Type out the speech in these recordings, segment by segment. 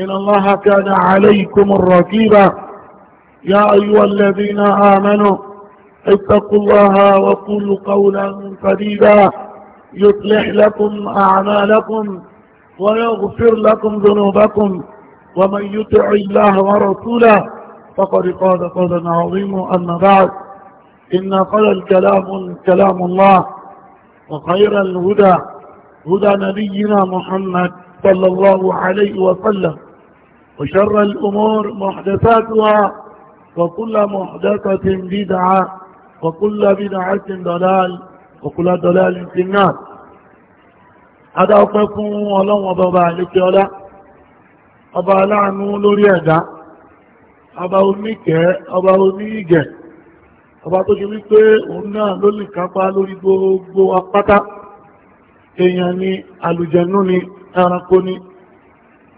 إن الله كان عليكم الرقيبا يا أيها الذين آمنوا اتقوا الله وقولوا قولا سديدا يصلح لكم أعمالكم ويغفر لكم ذنوبكم ومن يطع الله ورسوله فقد قال قولا عظيما أما بعد إن قال الكلام كلام الله وخير الهدى هدى نبينا محمد صلى الله عليه وسلم وشر الأمور محدثاتها وكل محدثة بدعة وكل بدعة ضلال وكل ضلال في النار هذا أقفكم ولو أبا عليك ولا أبا لعنو لريادة أبا أميك أبا أميك أبا تجريك أمنا للكفى لريدو أقفتا كياني الجنوني أرقوني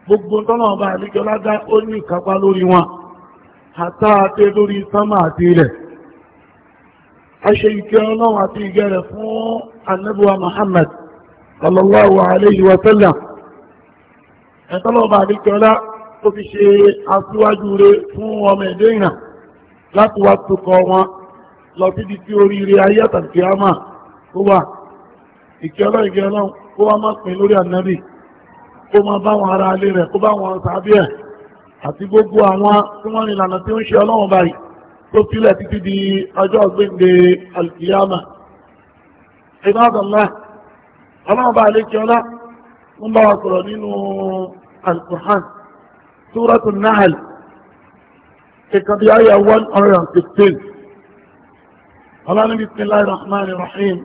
gbogbo tọ́lọ́wọ́n bá àlejò lágá ó ní ìkápá lórí wọn àtàtẹ́ lórí sánmà àti ilẹ̀ aṣe ìkẹ́ ọlọ́run àti ìgẹ́ rẹ̀ fún annabuwa Muhammad sallallahu alayhi wa sallam ẹ̀tọ́lọ́wọ́n bá àlejò ọlá ó fi ṣe aṣíwájú rẹ̀ fún ọmọ ẹ̀dẹ́ ìrìn láti wá tukọ̀ kó máa bá wọn ará ilé rẹ̀ kó bá wọn tàbí ẹ̀ àti gbogbo àwọn tí wọ́n rìn lànà tí ó ń ṣe ọlọ́run báyìí tó filẹ̀ títí di ọjọ́ gbéǹde alkiyama ibadala ọlọ́run bá àlékí ọlá ń bá wa sọ̀rọ̀ nínú alkuhan súrọ́tù nahal ìkan bí ayà 116 ọlọ́run bismillahir rahmanir rahim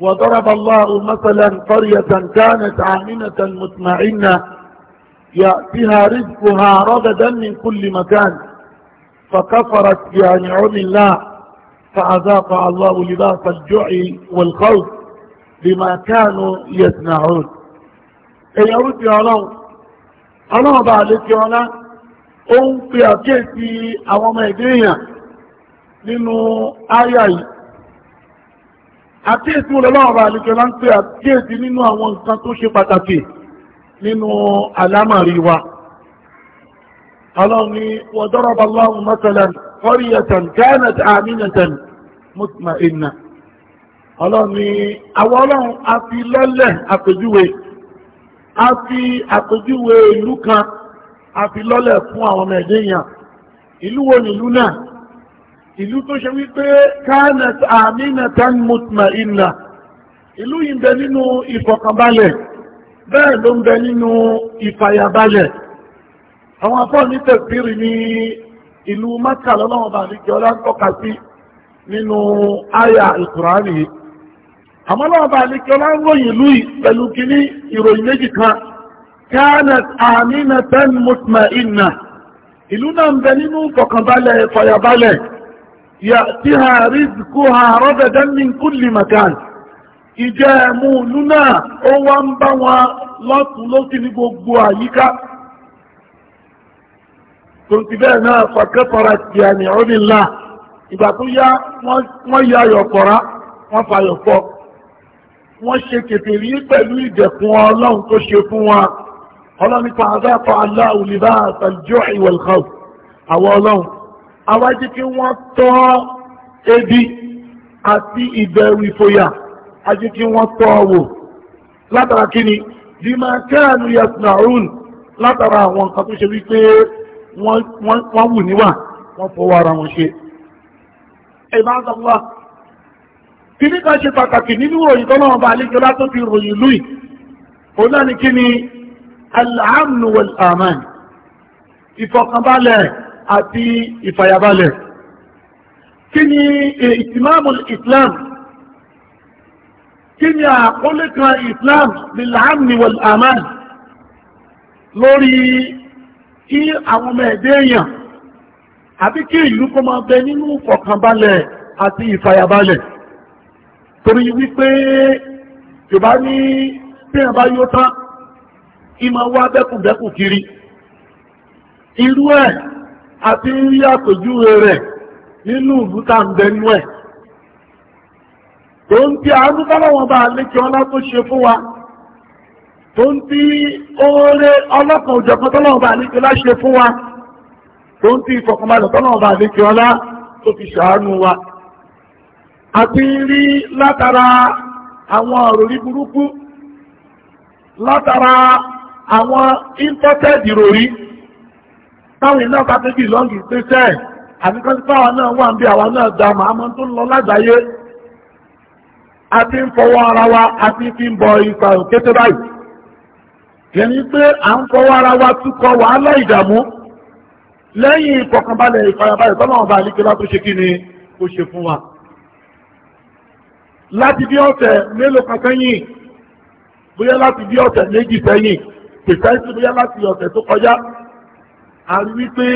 وضرب الله مثلا قرية كانت عامنة مطمئنة يأتيها رزقها رغدا من كل مكان فكفرت بأنعم الله فأذاق الله لباس الجوع والخوف بما كانوا يصنعون èyàn rú ti الله ọlọ́run bá lè ti ọlá في ń fi àkíyèsí àwọn ọmọ ẹ̀dẹ́ àkíyèsí olólọ́wọ́ àlejò láńpẹ́ àkíyèsí nínú àwọn nǹkan tó ṣe pàtàkì nínú àlámàrí wa ọlọ́run ni wọ́n dọ́rọ̀bà lọ́wọ́ mọ́tẹ̀lẹ̀ kọ́ríyẹ̀tẹ̀ gánàtì àmìnàtẹ̀ mọ́tìmá ìnà ọlọ́run ni àwọn ọlọ́run a fi lọ́lẹ̀ àpèjúwe a fi àpèjúwe ìlú ìlú tó ṣe wípé kanat aminatan mutma'inna ìlú yìí ń bẹ nínú ìfọ̀kànbalẹ̀ bẹ́ẹ̀ ló ń bẹ nínú ìfàyàbalẹ̀ àwọn afọ́ ní tẹ̀síìrì ní ìlú Mákà lọ́lọ́wọ́ bá ní jọlá ń tọ́ka sí nínú àyà ìkùránì àmọ́ lọ́wọ́ bá ní jọlá ń ròyìn ìlú pẹ̀lú kíní ìròyìn méjì kan kanat aminatan mutma'inna ìlú náà ń bẹ nínú ìfọ̀kànbalẹ̀ ìfàyàbalẹ̀ يأتيها رزقها ربدا من كل مكان ìjẹ́ẹ̀mú lúnà ó wá ń bá wọn lọ́tún lókè ní gbogbo àyíká tó ti bẹ́ẹ̀ náà fàkẹ́fàrà ti àmì ọ́nìlá ìgbà tó yá wọ́n ya yọ̀pọ̀rá wọ́n fàyọ̀pọ̀ wọ́n ṣe kèfèrí pẹ̀lú ìdẹ̀kùn ọlọ́run tó ṣe fún wọn ọlọ́run nípa àdáfà aláwòlébá àtàlùjọ́ ìwẹ̀lkọ́ àwọn ọlọ́run àwájí kí wọ́n tọ́ ebi àti ìbẹ̀rù ìfòyà àjí kí wọ́n tọ́ wò látara kí ni bí máa kẹ́ẹ̀nù yasnaun látara àwọn nǹkan tó ṣe wípé wọ́n wù níwà wọ́n fọwọ́ ara wọn ṣe ìbáṣọ́lá kan ṣe pàtàkì nínú òyìn tọ́lọ́wọ́n bá àlejò látó fi ròyìn òun náà ni kí ni al-amnu ìfọ̀kànbalẹ̀ àti ìfàyàbalẹ̀ kí ni ìtìmáàmù islam kí ni àkọlé kan islam lil'amni wal aman lórí kí àwọn ọmọ ẹ̀dẹ́ èèyàn àbí kí ìlú kó máa bẹ nínú ìfọ̀kànbalẹ̀ àti ìfàyàbalẹ̀ torí wípé yorùbá ní bí yóò tán ìmọ̀ wá bẹ́kùnbẹ́kùn kiri irú ẹ̀ àti nri rí àpèjúwe rẹ̀ nínú ìbúta ń Benue; ẹ̀ tó ń tí àánú tọ́lọ́wọ́n bá ọlá tó ṣe fún wa tó ń tí oore ọlọ́kan òjọ̀kan tọ́lọ́wọ́n bá lékè ọlá ṣe fún wa tó ń tí ìfọ̀kànbalẹ̀ tọ́lọ́wọ́n bá lékè ọlá fi ṣàánú wa àti rí látara àwọn òròrí burúkú látara àwọn imported ìròrí táwọn iná bá tó bìlọ́ǹgì pé sẹ́ẹ̀ àfikọ́sí táwọn náà wà ń bí àwa náà dá màá mọ́ tó lọ lágbàáyé a ti ń fọwọ́ ara wa a ti fi ń bọ ipa òkété báyìí kìíní pé à ń fọwọ́ ara wa túkọ̀ wàhálà ìdààmú lẹ́yìn ìfọ̀kànbalẹ̀ ìfarabalẹ̀ tọ́lọ́wọ́n bá àlíkẹ́lá tó ṣe kí ni ó ṣe fún wa láti bí ọ̀sẹ̀ mélòó kan sẹ́yìn bóyá láti bí ọ̀sẹ̀ méjì sẹ́yìn pèsè bóyá láti ọ̀sẹ̀ tó kọjá a rí wípé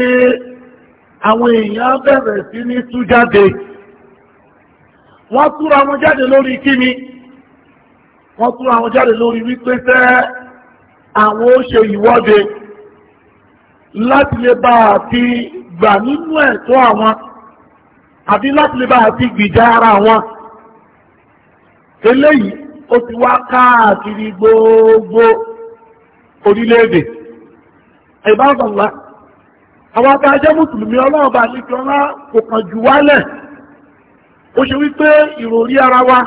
àwọn èèyàn bẹ̀rẹ̀ sí ní tú jáde wọ́n túra wọn jáde lórí kíni wọ́n túra wọn jáde lórí wípé sẹ́ àwọn ó ṣe ìwọ́de láti lè bá àti gbà nínú ẹ̀tọ́ àwọn àbí láti lè bá àti gbìjà ara wọn eléyìí ó ti wá káàkiri gbogbo orílẹ̀-èdè ìbáṣọ̀lá àwọn ọba ajẹ́ mùsùlùmí ọlọ́run ní kí ọlá kò kàn jù wálẹ̀ o ṣe wípé ìròrí ara wa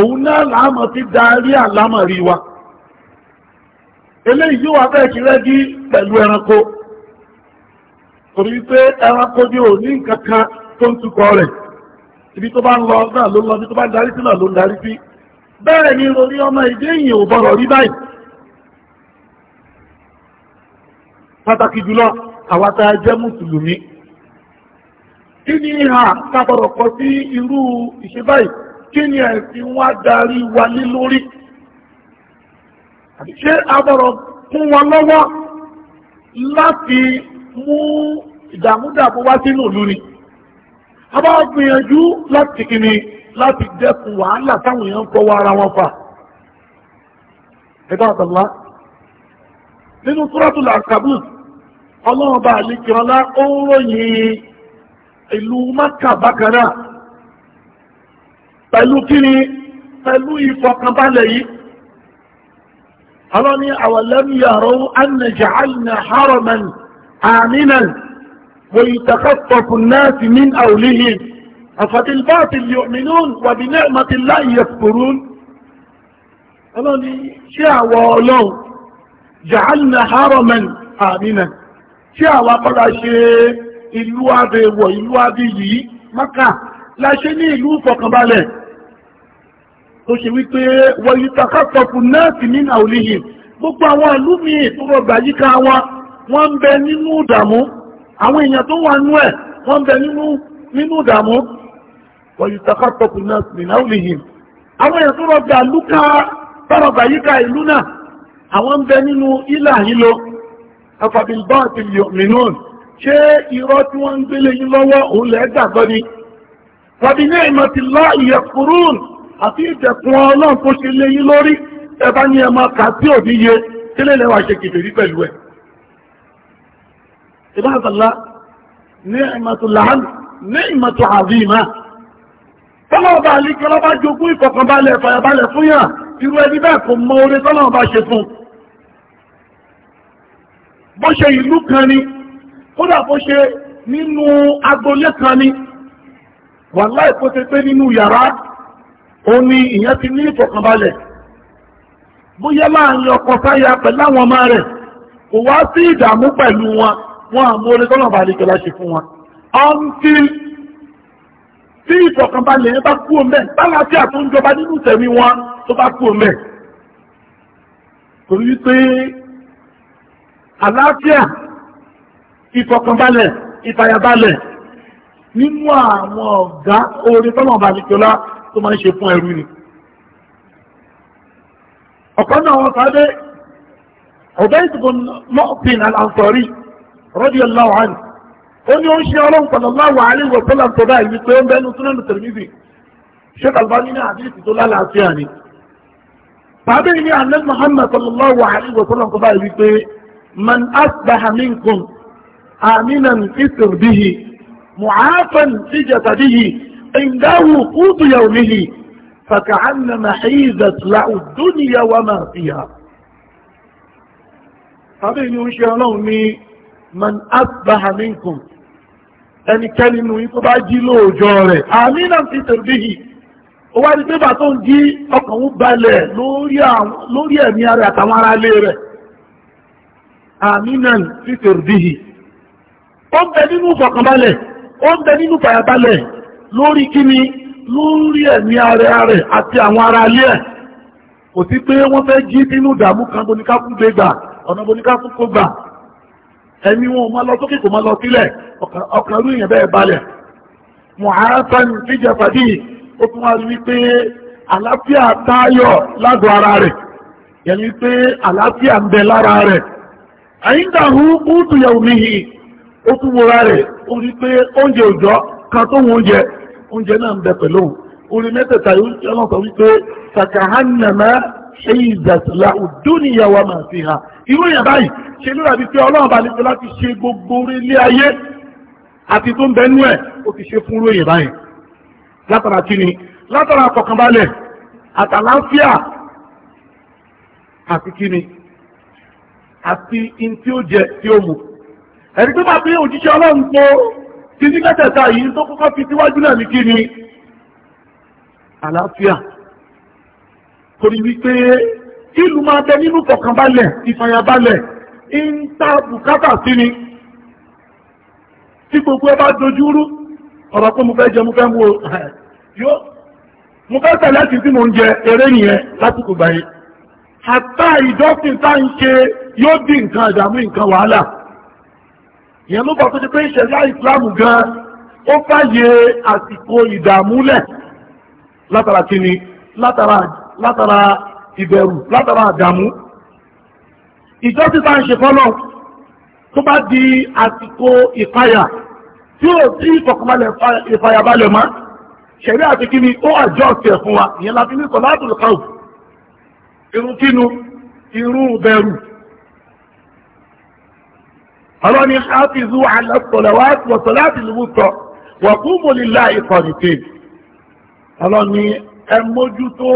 òun náà láàmọ̀ ti darí àlámọ̀rí wa eléyìí yóò wá bẹ́ẹ̀ kí rẹ́gí pẹ̀lú ẹranko torí wípé ẹranko ni ò ní nǹkan kan tó ibi tó bá ń lọ náà ló ń lọ ibi tó bá ń darí sí náà ló ń ni ìròrí ọmọ ìdí èyàn ò bọ̀rọ̀ rí báyìí pàtàkì àwa tá a jẹ́ mùsùlùmí kí ni ìhà tábọ̀rọ̀ kọ sí irú ìṣe báyìí kí ni ẹ̀sìn wa darí wa lé lórí ṣé abọ̀rọ̀ fún wọn lọ́wọ́ láti mú ìdààmúdàbò wá sínú ìlú ni a bá gbìyànjú láti kíni láti dẹ́kun wàhálà táwọn èèyàn ń fọwọ́ ara wọn fà ẹ̀dá àtàlá nínú túrọ́tù làkàbùs ọlọ́run bá àlejò ọlá ó ń ròyìn ìlú Mákà bákan náà pẹ̀lú kíni pẹ̀lú ìfọkànbalẹ̀ yìí ọlọ́ni awalam yaraw anna ja'alna haraman aminan wa yatakhattafu an-nasu min hawlihim afabil-batil yu'minun wa bi ni'mati Allahi yakfurun ọlọ́ni ṣé àwọ̀ ọlọ́run ja'alna haraman aminan ṣé àwa kọ́ra ṣe ìlú ilu ìlú abẹ́ yìí maka la ṣe ní ìlú fọkànbalẹ̀ tó ṣe wípé wọ̀nyí takátọ̀fù náà sì ní gbogbo àwọn ìlú mi tó rọgbà yíká wọn wọ́n ń bẹ nínú ìdààmú àwọn èèyàn tó wà nú ẹ̀ wọ́n ń bẹ nínú ìdààmú wọ̀nyí takátọ̀fù náà sì ní àwọn èèyàn tó rọgbà lúkà tọrọgbà yíká ìlú náà afabilbaatil yu'minun ṣé irọ́ tí wọ́n ń gbélé yín lọ́wọ́ òun lẹ́ gbàgbọ́ ni wàbí ní ìmọ̀tìlá ìyẹ̀kùrún àti ìtẹ̀kùn ọlọ́run tó ṣe lé yín lórí ẹbá ní ẹmọ kà sí òdíye tí ṣe kìfèrí pẹ̀lú ẹ̀ tọ́lọ́ọ̀bá alíkọ́lọ́bá jogún ìfọ̀kànbalẹ̀ fàyàbalẹ̀ fún yà irú ẹni bẹ́ẹ̀ kò mọ orí tọ́lọ́ọ̀bá ṣe fún bó ṣe ìlú kan ni kódà bó ṣe nínú agbolé kan ni wàláì kó ṣe pé nínú yàrá ó ní ìyẹn ti ní ìfọ̀kànbalẹ̀ bóyá láàrin ọkọ sáyà pẹ̀lú àwọn ọmọ rẹ̀ kò wá sí ìdààmú pẹ̀lú wọn wọn àmú orí tọ́lọ̀bà àlejò láṣẹ fún wọn until tí ìfọ̀kànbalẹ̀ yẹn bá kú omi ẹ̀ bálàáfíà tó ń jọba nínú tẹ̀mí wọn tó bá kú omi ẹ̀ torí pé àlàáfíà ìfọ̀kànbalẹ̀ ìfàyàbalẹ̀ nínú àwọn ọ̀gá oore tọ́lọ̀ bá nìkọlá tó máa ń ṣe fún ẹrú ni ọ̀kan náà wọ́n sáré ọ̀bẹ́ ìdìbò mọ́ọ̀pìn al-Ansari radiyallahu anhu ó ní ó ń ṣe ọlọ́run sallallahu alaihi wa sallam tó báyìí wípé ó ń bẹ́nu Sunan Tirmidhi Sheikh Albani ní àdírísì tó lálàáfíà ni من أصبح منكم آمنا في سربه معافا في جسده عنده قوت يومه فكأنما حيزت له الدنيا وما فيها فبين إن شاء من أصبح منكم ẹnikẹ́ni nù yí tó bá jí lóòjọ́ rẹ̀ àmínà fi tẹ̀lébìhì ó wá ní pé bàtó ń jí ọkàn ń balẹ̀ lórí ẹ̀mí ara àtàwọn ará ilé rẹ̀ aminan fitirdihi ó ń bẹ nínú fọkànbalẹ̀ ó ń bẹ nínú fàyàbalẹ̀ lórí kíni lórí ẹ̀mí ara rẹ̀ àti àwọn ará alẹ́ ẹ̀ kò sí pé wọ́n fẹ́ jí nínú ìdààmú kan boníká fún lọ lọ táyọ̀ ara rẹ̀ yẹn ni pé àlàáfíà ń bẹ lára àyíndàrú kúùtù yà omi yìí ó tún wọra rẹ̀ ó rí pé oúnjẹ òjọ́ kan tó wọn oúnjẹ oúnjẹ náà ń bẹ pẹ̀lú orí mẹ́tẹ̀ẹ̀ta yóò wípé sàkàhánàmá ṣe ìzàtìlá òdúnìyà wa máa fi hàn irú èèyàn báyìí ṣe ló rà bí pé ọlọ́run bá nípe láti ṣe gbogbo orí ilé ayé àti tó ń bẹnú ẹ̀ ó ti àtàláfíà àti kí àti in tí ó jẹ tí ó mú ẹni tó bá pé òjíṣẹ́ ọlọ́run tó ti ní kẹtẹ̀ta yìí tó kọ́kọ́ fi síwájú náà ní kí ni àlàáfíà torí wípé ìlú máa bẹ nínú fọ̀kànbalẹ̀ ìfàyàbalẹ̀ ń ta bùkátà sí ni tí gbogbo ẹ bá dojú rú ọ̀rọ̀ pé mo fẹ́ jẹ mo fẹ́ mu yóò mo fẹ́ tẹ̀lé ti tí mo ń jẹ eré nìyẹn lásìkò gbà yìí àtà ìjọsìn tá ń ṣe yóò di nǹkan àdàmú nǹkan wàhálà ìyẹn ló bá tó ṣe pé ìṣẹ̀lá ìsìláàmù gan ó fàyè àsìkò ìdààmúlẹ̀ látara kíni látara látara ìbẹ̀rù látara àdàmú ìjọ títà ń ṣe fọ́lọ́ tó bá di àsìkò ìpayà tí ó sí ìfọ̀kànbalẹ̀ ìfàyàbalẹ̀ mọ́ ṣẹ̀rí àti kíni ó àjọ ọ̀sẹ̀ fún wa ìyẹn láti ní sọ látòlùkọ́ irun kínu irun bẹ̀rù ọlọ́ni hafizu alasọ̀lẹ̀wà wọ̀sọ̀láti lùwùtọ̀ wọ̀kúmù lílá ìkọ̀nìtì ọlọ́ni ẹ mójútó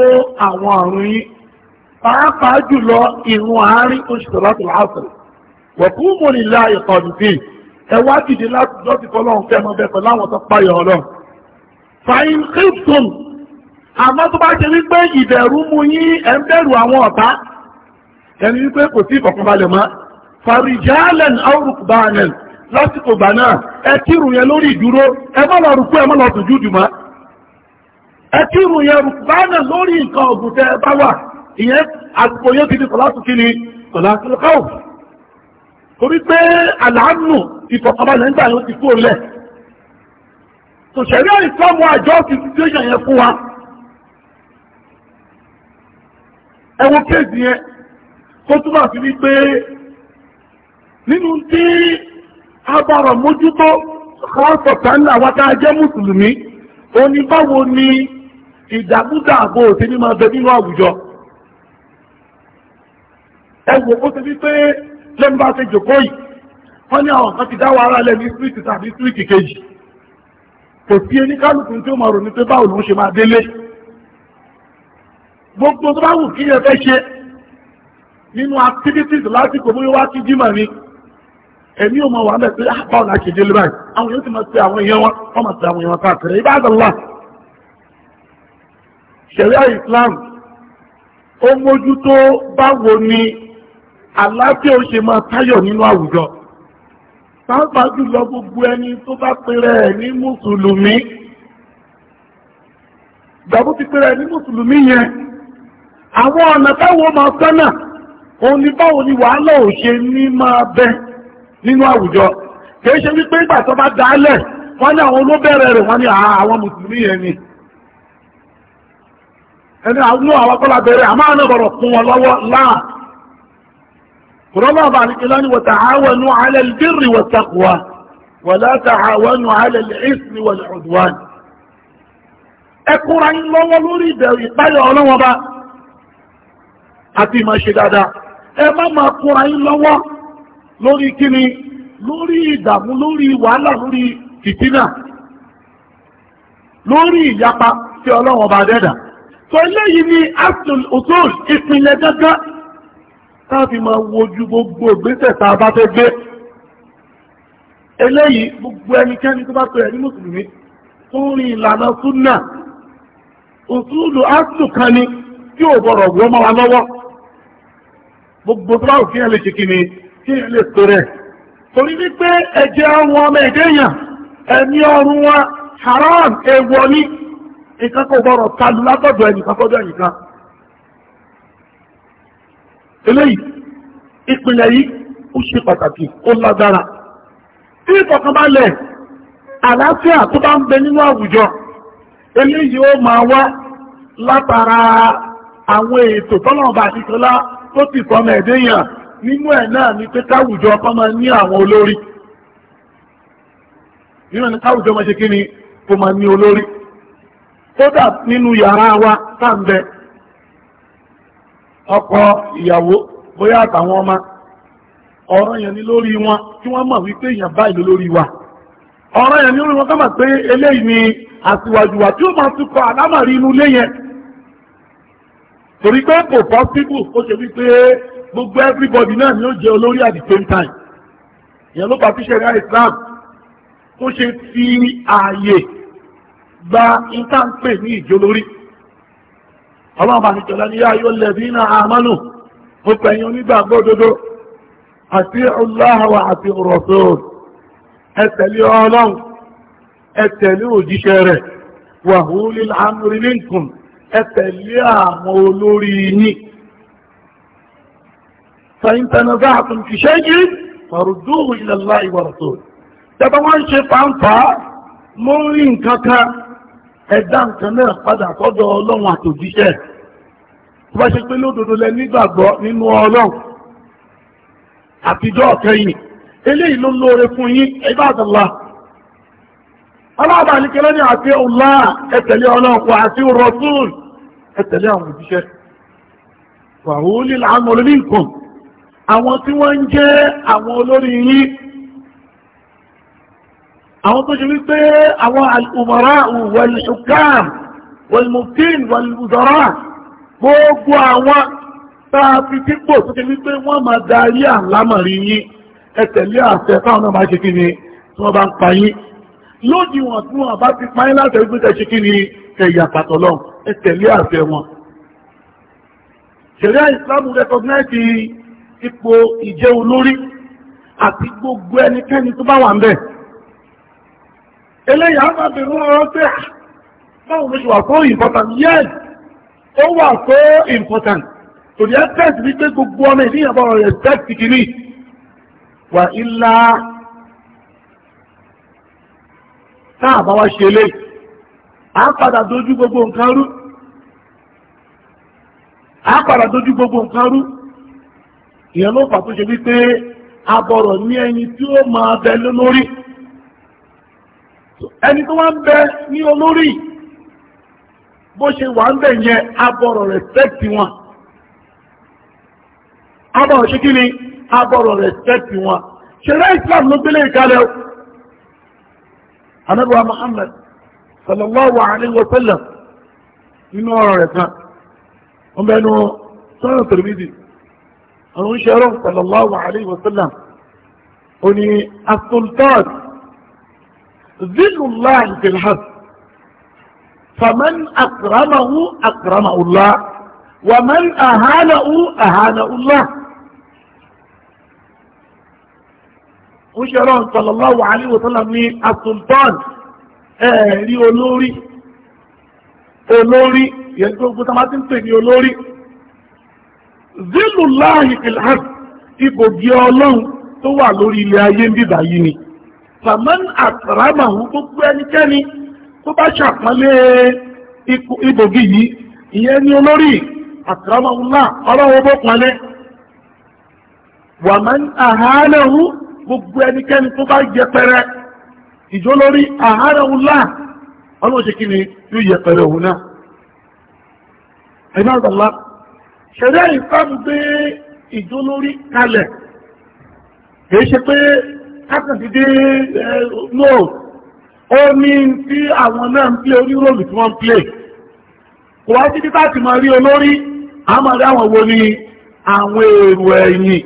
àwọn àrùn yìí pàápàá jùlọ ìrun àárín tó ṣe sọ̀láti làásù wọ̀kúmù lílá ìkọ̀nìtì ẹ wá dìde láti lọ́ti fọlọ́run fẹ́ mọ́ bẹ́ẹ̀ pẹ̀lú àwọn tó páyọ̀ ọlọ́run fain hilton àmọ́ tó bá fàrìjálẹ̀n áwùrùkùbánẹ̀n lásìkò gbà náà ẹ kírun yẹn lórí ìdúró ẹ má lọ rùkú ẹ má lọ tòjú jùmọ́ ẹ kírun yẹn rùkùbánẹ̀n lórí nǹkan ọ̀gùn tẹ bá wà ìyẹn àsìkò yẹn ti di sọ̀látù kí ni sọ̀látù káwù torí pé àlàánù ìfọ̀kànbalẹ̀ nígbà yóò ti kúrò lẹ̀ tò ṣẹ̀rí ìsọ́mù àjọ ti situation yẹn fún wa ẹ wo yẹn tó túmọ̀ sí wípé nínú tí a bọ̀rọ̀ mójútó kọ́ọ̀tọ̀tàn àwọn tá a jẹ́ mùsùlùmí báwo ni ìdàmúdàbò tí ní máa bẹ nínú àwùjọ ẹwọ ó ti wípé lẹ́nu bá ṣe jòkó yìí wọ́n ní àwọn kan ti dá wàhálà lẹ́nu street tàbí street kejì kò sí ẹni kálukú tí ó máa rò ní pé báwo ló ń ṣe máa délé gbogbo tó bá wù kí ẹ fẹ́ ṣe nínú activities lásìkò bóyá wá sí jímọ̀ ni ẹ̀mí ò mọ̀ wà bẹ́ẹ̀ pé ah, báwo la ṣe délé báyìí àwọn yóò ti máa ṣe àwọn èèyàn wọn wọ́n máa ṣe àwọn èèyàn káàkiri ibadallah ṣẹ̀ríà Islam ó mójútó báwo ni àlàáfíà ó ṣe máa táyọ̀ nínú àwùjọ pàápàá jùlọ gbogbo ẹni tó bá pèrè ẹ̀ ní mùsùlùmí gbàgbó ti pèrè ẹ̀ ní mùsùlùmí yẹn àwọn ọ̀nà táwọn máa sánà òun ni báwo ni wàhálà ò ṣe ní máa bẹ́ẹ̀ nínú àwùjọ kìí ṣe wípé ìgbà tó bá dálẹ̀ wọ́n ní àwọn olóbẹ̀rẹ̀ rẹ̀ wọ́n ní ah, àwọn mùsùlùmí yẹn ni ẹni àwọn àwọn akọ́lá bẹ̀rẹ̀ àmọ́ àwọn ọ̀rọ̀ kún wọn lọ́wọ́ láà kùrọ́lọ́ ọba ẹ má máa kùnra yín lọ́wọ́ lórí kíni lórí ìdààmú lórí wàhálà lórí fìtínà lórí ìyapa tí ọlọ́run bá dẹ́dà tó eléyìí ni aston otol ìpínlẹ̀ gángan káàfin máa wojú gbogbo ìgbésẹ̀ tá a bá fẹ́ gbé eléyìí gbogbo ẹnikẹ́ni tó bá pè ẹ́ ní mùsùlùmí tó rin ìlànà súnà òtúlù aston kan ni tí ò bọ̀rọ̀ wọ́n máa lọ́wọ́ gbogbo tó bá òfin ẹ̀ lè ṣe kí ni tí n lè tó rẹ̀ torí wípé ẹ̀jẹ̀ àwọn ọmọ ẹni ọrùn wa haram ewọ ní nǹkan gbọ́rọ̀ talu látọ̀dọ̀ eléyìí ìpìlẹ̀ yìí ó ṣe pàtàkì ó lágbára tí ìkọ̀kan bá lẹ̀ àlàáfíà tó bá ń bẹ nínú àwùjọ eléyìí ó máa wá nínú ẹ̀ náà ni pé káwùjọ kan máa ní àwọn olórí nínú ẹ̀ káwùjọ máa ṣe kí ni kó máa ní olórí wa ọkọ ìyàwó bóyá àtàwọn ọmọ ọ̀rọ̀ yẹn ni lórí wọn kí wọ́n mọ̀ wípé èèyàn báyìí olori lórí wa ọ̀rọ̀ yẹn ni lórí wọn ká pé eléyìí ni wa tí ó máa inú gbogbo everybody náà ni ó jẹ́ olórí at the same time ìyẹn ló bá fíṣẹ̀ ní Islam tó ṣe fi ààyè gba ìtànpè ní ìjólórí ọlọ́run bá nìjọba ní yá yóò lẹ̀ nínú àmánù ó pẹ̀yìn onígbàgbọ́ òdodo àti ọláhàwà àti Rasul ẹ tẹ̀lé ọlọ́run ẹ tẹ̀lé òjíṣẹ́ rẹ̀ wàhúlì àmúrí minkum ẹ tẹ̀lé àwọn olórí yìí فإن تنازعتم في شيء فردوه إلى الله ورسوله تبوان شيطان فا مؤمن كاكا ẹ̀dán kan náà padà sọ́dọ̀ ọlọ́run àtòjíṣẹ́ tó bá ṣe pé lódodo lẹ nígbàgbọ́ nínú ọlọ́run àtijọ́ ọ̀kẹyìn eléyìí ló lóore fún yín ẹgbàdàlá aláàbà ní kẹlẹ́ ní àti ọlá ẹ̀tẹ̀lé ọlọ́run àti rọ̀tún ẹ̀tẹ̀lé àwọn òjíṣẹ́ wàhúlì làánú olórí nǹkan àwọn tí wọ́n ń jẹ́ àwọn olórí yín àwọn tó ṣe wípé àwọn al'umara wal-hukam wal-muftin wal-wuzara gbogbo àwọn táa fi dípò tó ṣe wípé wọ́n máa darí àlámọ̀rí yín ẹ tẹ̀lé àṣẹ táwọn náà máa ṣe kí ni tí wọ́n bá ń pa yín lóòdì wọn tí wọ́n bá ti pa yín láti ẹgbẹ́ tẹ̀ ṣe kí ni ẹ̀yà pàtọ́lọ́ ẹ tẹ̀lé àṣẹ wọn ṣẹ̀ríà ìsìlámù rẹ̀kọ̀gnáìtì ipò ìjẹ́ olórí àti gbogbo ẹnikẹ́ni tó bá wà ń bẹ̀. eléyà á máa bẹ̀rù ọ̀rọ̀ pé ah, báwo ló ṣe wà so important yes ó wà so important kò ní ẹ́tẹ́t wípé gbogbo ọmọ ènìyàn bá ọ̀rọ̀ respect kìíní wà ilá táà bá wá ṣe eléyìí à ń padà dojú gbogbo nǹkan rú padà dojú gbogbo nǹkan rú ìyẹn ló fà tó ṣe wípé agbọ̀rọ̀ ní ẹni tí ó máa bẹ lórí ẹni tó wá ń bẹ ní olórí bó ṣe wà ń bẹ̀ yẹn abọ̀rọ̀ wọn abọ̀rọ̀ ṣe kí ni abọ̀rọ̀ respect wọn ṣẹlẹ̀ Islam ló gbélé ìkálẹ̀ o anábíwá Muhammad sallallahu alaihi wa sallam nínú ọ̀rọ̀ rẹ̀ kan ọmọ ẹnu أنوشارة صلى الله عليه وسلم قني السلطان ذل الله في الحظ فمن أكرمه أكرم الله ومن أهانه أهان الله أشهر صلى الله عليه وسلم من السلطان أهلي أولوري أولوري يلتوك بتماتين تهلي أولوري zilu láàyè ilham ibòjì ọlọ́run tó wà lórí ilẹ̀ ayé ń bíbà yìí ni saman àtàràmàhùn gbogbo ẹnikẹ́ni tó bá ṣàpọ́nlé ibòjì yìí ìyẹn ni olórí àtàràmàhùn náà ọlọ́run bó pọnlé wàmán àhánàhùn gbogbo ẹnikẹ́ni tó bá yẹpẹrẹ ìjọ lórí àhánàhùn náà ọlọ́run ṣe kí ni yóò yẹpẹrẹ òun náà ẹ̀dá àgbàlá ṣẹ̀rẹ́ ìfàmù gbé ìjólórí kalẹ̀ kìí ṣe pé kákàndídé lóò ó ní tí àwọn náà ń pílé oníròlù tí wọ́n ń pílé kò wá sí títà ti máa rí olórí a máa rí àwọn wo ni àwọn èrò ẹ̀yìn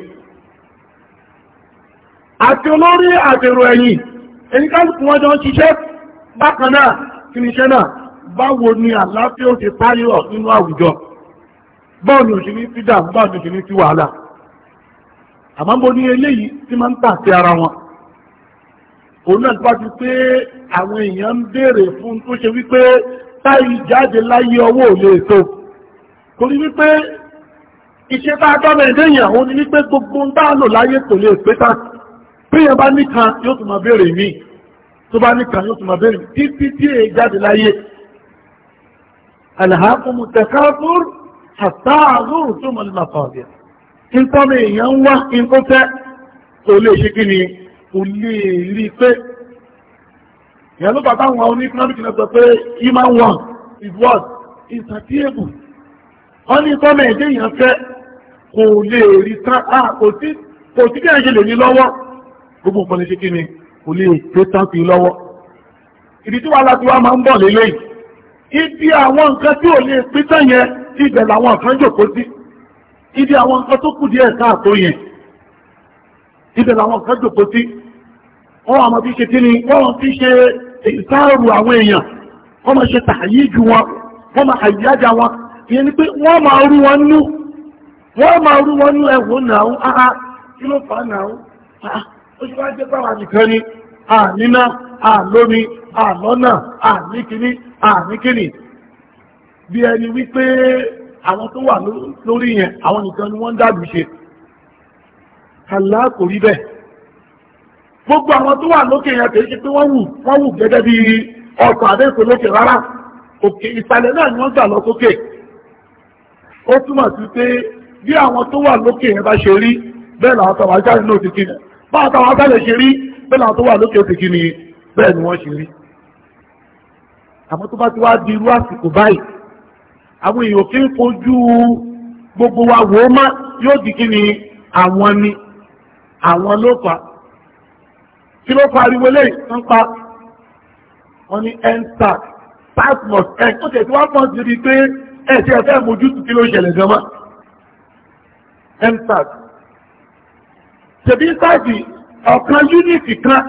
àti olórí àtèrò ẹ̀yìn ẹni kálùkù wọn jọ ń ṣiṣẹ́ bákan náà kí náà báwo ni àlàáfíà ti páyọ̀ nínú àwùjọ báwo ni òṣèlú ti dà báwo ni òṣèlú ti wàhálà àmọ́ bó ní eléyìí tí máa ń tà sí ara wọn òun náà tó bá ti pé àwọn èèyàn ń béèrè fún tó ṣe wípé táyì jáde láyé ọwọ́ ò lè tó torí wípé iṣẹ́ tá a tọ́mọ ẹ̀dẹ́ èèyàn òun ni wípé gbogbo ń tá lò láyé kò lè pé tá péyàn bá nìkan yóò tún máa béèrè mí tó bá nìkan yóò tún máa béèrè títí tí èè jáde láyé alhaakumu takafur àtà àzóòrò tó mọ̀ nípa ọ̀dẹ̀ nǹkan mi èèyàn ń wá nǹkan fẹ́ kò lè ṣe kí ni kò lè rí pé ìyẹn ló bàbá àwọn oníkọ́nọ́mì kìnnà sọ pé human one is what is attainable wọ́n ní nǹkan mi èdè èèyàn fẹ́ kò lè rí tán kò sí kò sí kí ẹ̀ ṣe lè ní lọ́wọ́ gbogbo nǹkan lè ṣe kí ni kò lè pé tán fi lọ́wọ́ ìdí tí wàhálà tí wàá máa ń bọ̀ lélẹ́yìn ibi àwọn nǹkan tí ò lè pín tán yẹn ibẹ̀ làwọn kan jòkó sí ibi àwọn nǹkan tó kù díẹ̀ káàtó yẹn ibẹ̀ làwọn jòkó sí wọ́n fi ṣe kíni wọ́n fi ṣe ìsáàrù àwọn èèyàn wọ́n máa ṣe wọn wọ́n máa wọn ìyẹn ni pé wọ́n máa rú wọn nú wọ́n máa rú wọn nú ẹ̀wọ̀n náà áá kí ló fà á náà ah, ah, ó ṣe wá jẹ́ ni àníná àlómi àlọ́nà àníkíní bí ẹni wípé àwọn tó wà lórí yẹn àwọn nìkan ni wọ́n ń dàlú ṣe kàlá kò rí bẹ́ẹ̀ gbogbo àwọn tó wà lókè yẹn kìí ṣe pé wọ́n wù wọ́n wù gẹ́gẹ́ bí ọkọ̀ àdéhùn lókè rárá òkè ìsàlẹ̀ náà ni wọ́n gbà lọ sókè ó túmọ̀ sí pé bí àwọn tó wà lókè yẹn bá ṣe rí bẹ́ẹ̀ làwọn tó wà jáde náà ti kí ni báwọn tó wà jáde ṣe rí bẹ́ẹ̀ làwọn tó wà lókè ti kí ni bẹ́ẹ̀ ni wọ́n ṣe rí àmọ́ tó bá ti wá di irú àsìkò báyìí àwọn èèyàn kí ń fojú gbogbo wa wò ó má yóò di kí ni àwọn ni àwọn ló fà kí ló pariwo lè ń pa wọn ni enstar patmos ẹ tó tẹ̀ tí wọ́n mọ̀ sí rí pé ẹ ti ẹ̀fẹ́ mójútù kí ló ṣẹlẹ̀ gan mọ́ enstar tẹ̀bí sáàdì ọ̀kan yúnìtì kan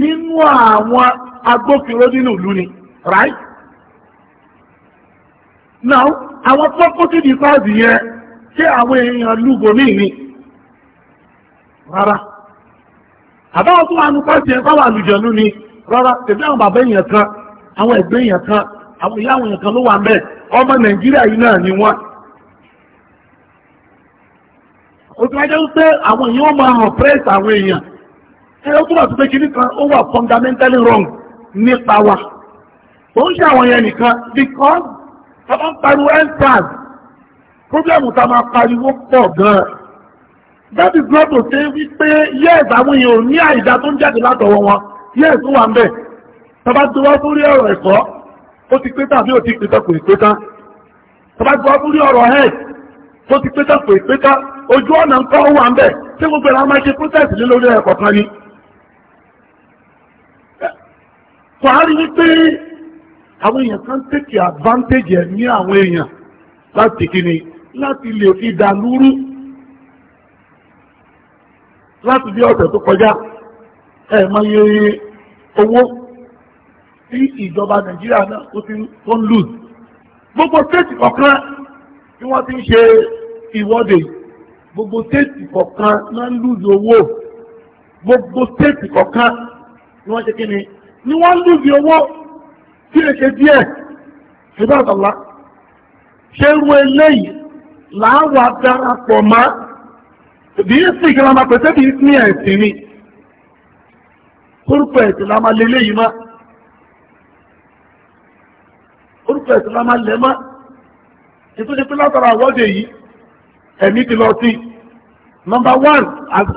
nínú àwọn agbófinró nínú ìlú ni right Now, àwọn property defense yẹn ṣé àwọn èèyàn lúgbò ní ìní? Rárá. Àbáwọn tó wà ní ni rárá tẹ̀bí àwọn bàbá èèyàn kan, àwọn ẹ̀gbẹ́ èèyàn kan, àwọn ìyá àwọn èèyàn kan ló wà Ọmọ Nàìjíríà yìí náà ni wọ́n. Ó ti wípé àwọn èèyàn máa hàn àwọn èèyàn. Ẹ ó túbọ̀ wa. Ó ń tàbá ń pariwo entrance pọ́blẹ́mù tá máa pariwo pọ̀ gan-an that is not to say wípé yes àwọn èèyàn ò ní àìdá tó ń jáde látọwọ́ wọn yes ó wà ń bẹ̀ tàbá ti wá fún rí ọ̀rọ̀ ẹ̀kọ́ ó ti pé tán àbí ó ti pé tán kò ì pé tán tàbá ti wá fún rí ọ̀rọ̀ head ó ti pé tán kò ì pé tán ojú ọ̀nà nǹkan ó wà ń bẹ̀ tí gbogbo ẹ̀rọ máa ṣe process lórí ẹ̀kọ́ kan ni. Fàárí wípé àwọn èèyàn kan tètè advantage ẹ̀ ní àwọn èèyàn láti kíni láti lè fi dà lúrú láti bí ọ̀sẹ̀ tó kọjá ẹ̀ máa yẹ owó tí ìjọba nàìjíríà náà tó ti ń lùz gbogbo stéètì kọ̀ọ̀kan tí wọ́n ti ń ṣe ìwọ́de gbogbo stéètì kọ̀ọ̀kan náà ń lùz owó gbogbo stéètì kọ̀ọ̀kan ni wọ́n ṣe kíni ni wọ́n ń lùz owó. tí è díẹ̀ ìbádọ́lá ṣe rú eléyìí láàwà darapọ̀ má bí í sì gírámà pẹ̀sẹ́ bí ní ẹ̀sìn ni orúkọ ẹ̀sìn la máa leléyìí má orúkọ ma la máa lẹ̀ má ètò ṣe pé látara àwọ́dẹ yìí ẹ̀mí ti lọ sí nọmba wán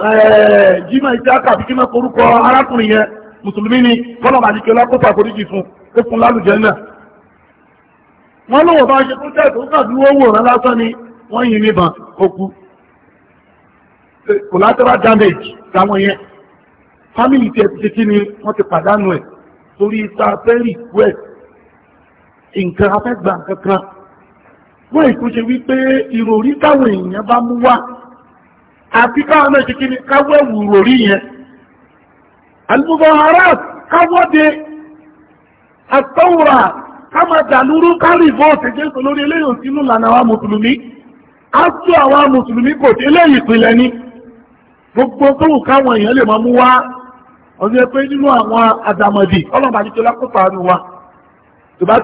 eh, jimá mẹ́kọ̀ọ́ orúkọ arákùnrin yẹn mùsùlùmí ni kọ́lọ̀ fún ẹkùn lálùjẹ́ náà wọ́n lọ́wọ́ bá ṣe tún tẹ́ẹ̀tún tàbí owó rẹ̀ lásán ni wọ́n yìn níbọn okú collateral damage láwọn yẹn family ti ẹ̀tì títí ni wọ́n ti pàdánù ẹ̀ torí ìta fẹ́rì west nǹkan afẹ́gbà kankan wọ́n ìkú ṣe wípé ìròrí táwọn èèyàn bá mú wá àti káwọn náà ṣe kí ni káwọ́ ẹ̀wù ìròrí yẹn alùpùpù haram káwọ́de àtọ́wùrà ká máa dàlúrú kárì vóòtì jésù lórí eléyìí sínú lànà àwa mùsùlùmí á tú àwa mùsùlùmí kò dé eléyìí ìpìlẹ̀ ni gbogbo tó wù káwọn èèyàn lè máa mú wá ọdún ẹgbẹ́ nínú àwọn àdàmọ̀dì ọlọ́mà tó bá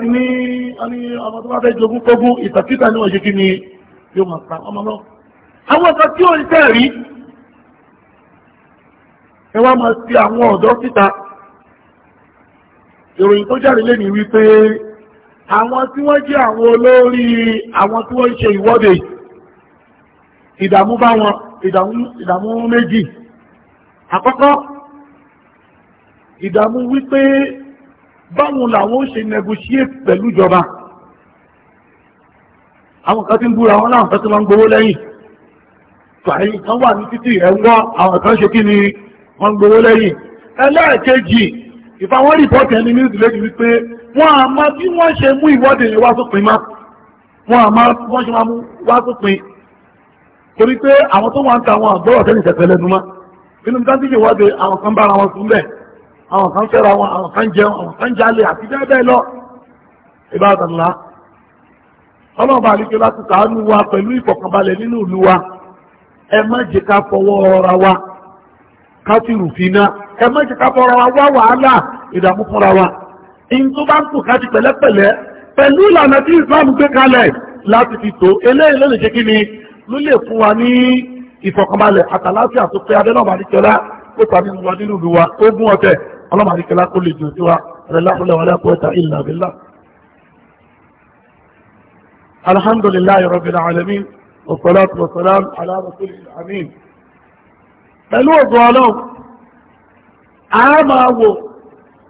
ni yóò máa pa ọmọ náà àwọn ọ̀sán tí ó ń tẹ̀ rí ẹ wá máa ti àwọn ọ̀dọ́ síta ìròyìn tó jáde lẹ́ni wípé àwọn tí wọ́n jẹ́ àwọn olórí àwọn tí wọ́n ń ṣe ìwọ́de ìdààmú bá wọn ìdààmú méjì àkọ́kọ́ ìdààmú wípé báwọn làwọn ó ṣe negotiate pẹ̀lú ìjọba àwọn kan ti ń búra wọn láwọn kan ti máa ń gbowó lẹ́yìn tàí kan wà ní títì ẹ̀ ń wọ́ àwọn kan ṣe kí ni wọ́n ń gbowó lẹ́yìn ẹlẹ́ẹ̀kejì ìfà wọ́n rìpọ́tì ẹni ní ìdílẹ́jì wípé wọ́n a máa bí wọ́n ṣe mú ìwọ́de yẹn wá sópin má wọ́n a máa wọ́n ṣe máa mú wá sópin torí pé àwọn tó wọ́n ń ta àwọn àgbọ̀rọ̀ tẹ́lẹ̀ tẹ̀tẹ̀ lẹ́nu mọ́ nínú bí dáńtì ìwọ́de àwọn kan bára wọn sùn bẹ̀ àwọn kan fẹ́ra wọn àwọn kan jẹun àwọn kan jalè àti bẹ́ẹ̀ bẹ́ẹ̀ lọ ìbáraẹnìlá ọlọ́ọ̀bà àríkẹ́ láti sàánú wa pẹ̀lú ìfọ̀kànbalẹ̀ nínú ìlú wa ẹ má jẹ́ ká fọwọ́ ọ̀rọ̀ wa kátìrù fínà ẹ má jẹ́ kábọ̀ra wa wá wàhálà ìdààmú fúnra wa in tó bá ń kù káti pẹ̀lẹ́pẹ̀lẹ́ pẹ̀lú ìlànà tí Islam gbé kalẹ̀ láti fi tó eléyìí ló lè ṣe kí ni ló lè fún wa ní ìfọ̀kànbalẹ̀ àtàláfíà tó pé adẹ́nàmà àdìkẹ́lá ó pàmì wa nínú ìlú wa ogún ọ̀tẹ̀ ọlọ́mà kó lè jù sí wa rẹ̀ láfúnlẹ̀ wọlé àpótà ìlànà àbílà alhamdulillahi rabbil alamin والصلاة والسلام على رسول الأمين pẹ̀lú ògùn ọlọ́run a máa wò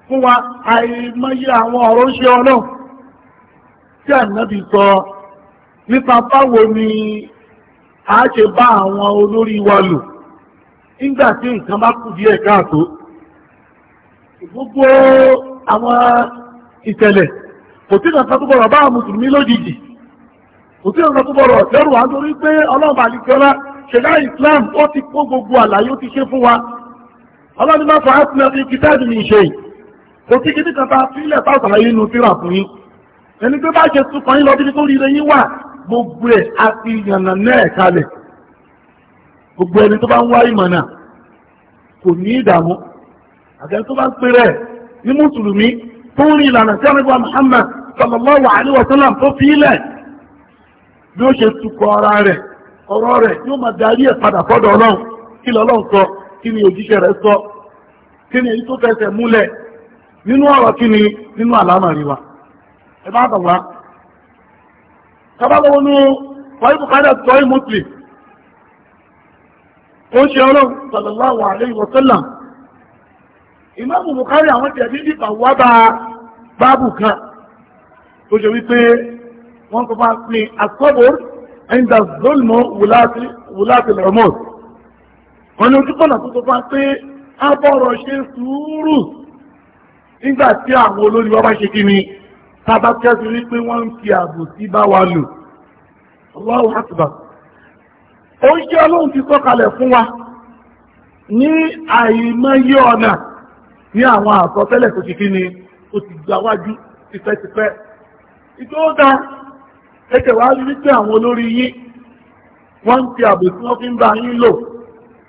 fún wa àìmọye àwọn ọ̀rọ̀ ṣe ọlọ́run tí a ànábì sọ nípa báwo ni a ṣe bá àwọn olórí wa lò nígbà tí nǹkan bá kù díẹ̀ káàtó gbogbo àwọn ìṣẹ̀lẹ̀ kò tí nǹkan tó bọ̀rọ̀ bá mùsùlùmí lójijì kò tí nǹkan tó bọ̀rọ̀ lẹ́rù wa nítorí pé ọlọ́run ṣẹ̀dá islam ó ti kó gbogbo àlàyé ó ti ṣe fún wa ọlọ́dún bá fàá sílẹ̀ ní ìṣe kò sí kìtì kan bá sílẹ̀ tá inú síra fún yín ẹni tó bá ṣe tukọ̀ yín lọ́dún tó rí ogbe wà gbogbo ẹ̀ á ti náà kalẹ̀ gbogbo ẹni tó bá ń wá ìmọ̀nà kò ní ìdààmú àgbẹ̀ tó bá ń pè ní mùsùlùmí tó ń rí ìlànà tí Muhammad ọ̀rọ̀ rẹ̀ yóò máa darí ẹ̀ padà fọ́dọ̀ ọlọ́run kí lọ́lọ́run sọ kí ni òjíṣẹ́ rẹ̀ sọ kí ni èyí tó fẹsẹ̀ múlẹ̀ nínú ọ̀rọ̀ kí ni nínú àlámọ̀rí wa ẹ bá kan tó ṣe wípé wọ́n bá ẹ̀ńdà zolmo wùláàtì lọ́mọ́s wọn ni ojúkọ̀nà tó tó bá pé a bọ̀rọ̀ ṣe sùúrù nígbà àwọn bá ṣe kí ni tábà kẹ́sì rí pé wọ́n ń fi ààbò sí bá wa lò ti sọ́kalẹ̀ fún wa ní àìmọye ọ̀nà ní àwọn àsọtẹ́lẹ̀ tó ṣe kí ni ó ti gbáwájú tipẹ́tipẹ́ ẹ̀kẹ̀ wá rí wípé àwọn olórí yín wọ́n ń fi àbò tí wọ́n fi ń bá yín lò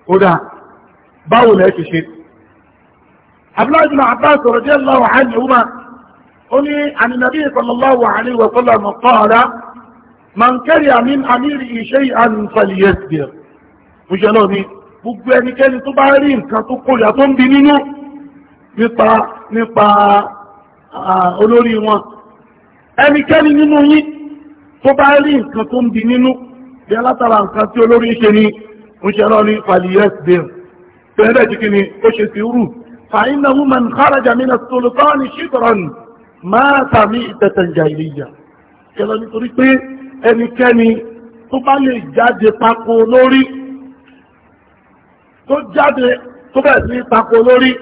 kódà báwo lẹ́ ṣe ṣe Abdullahi bin Abbas radiyallahu anhuma ó ní ànìnàbí sallallahu nípa ah, olórí wọn ẹnikẹ́ni nínú yín tó bá rí nǹkan tó ń bi nínú bí alátara nǹkan tí olórí ṣe ni ń ṣe rán ní faliyes bill tẹ́lẹ̀ tí kí ni ó ṣe sí rú fàínà woman kharaja min as-sultan shitran máa tàmí ìtẹ̀tẹ̀ jahiliyya kẹlọ nítorí pé ẹnikẹ́ni tó bá lè jáde tako lórí tó jáde tó bẹ̀rẹ̀ sí tako lórí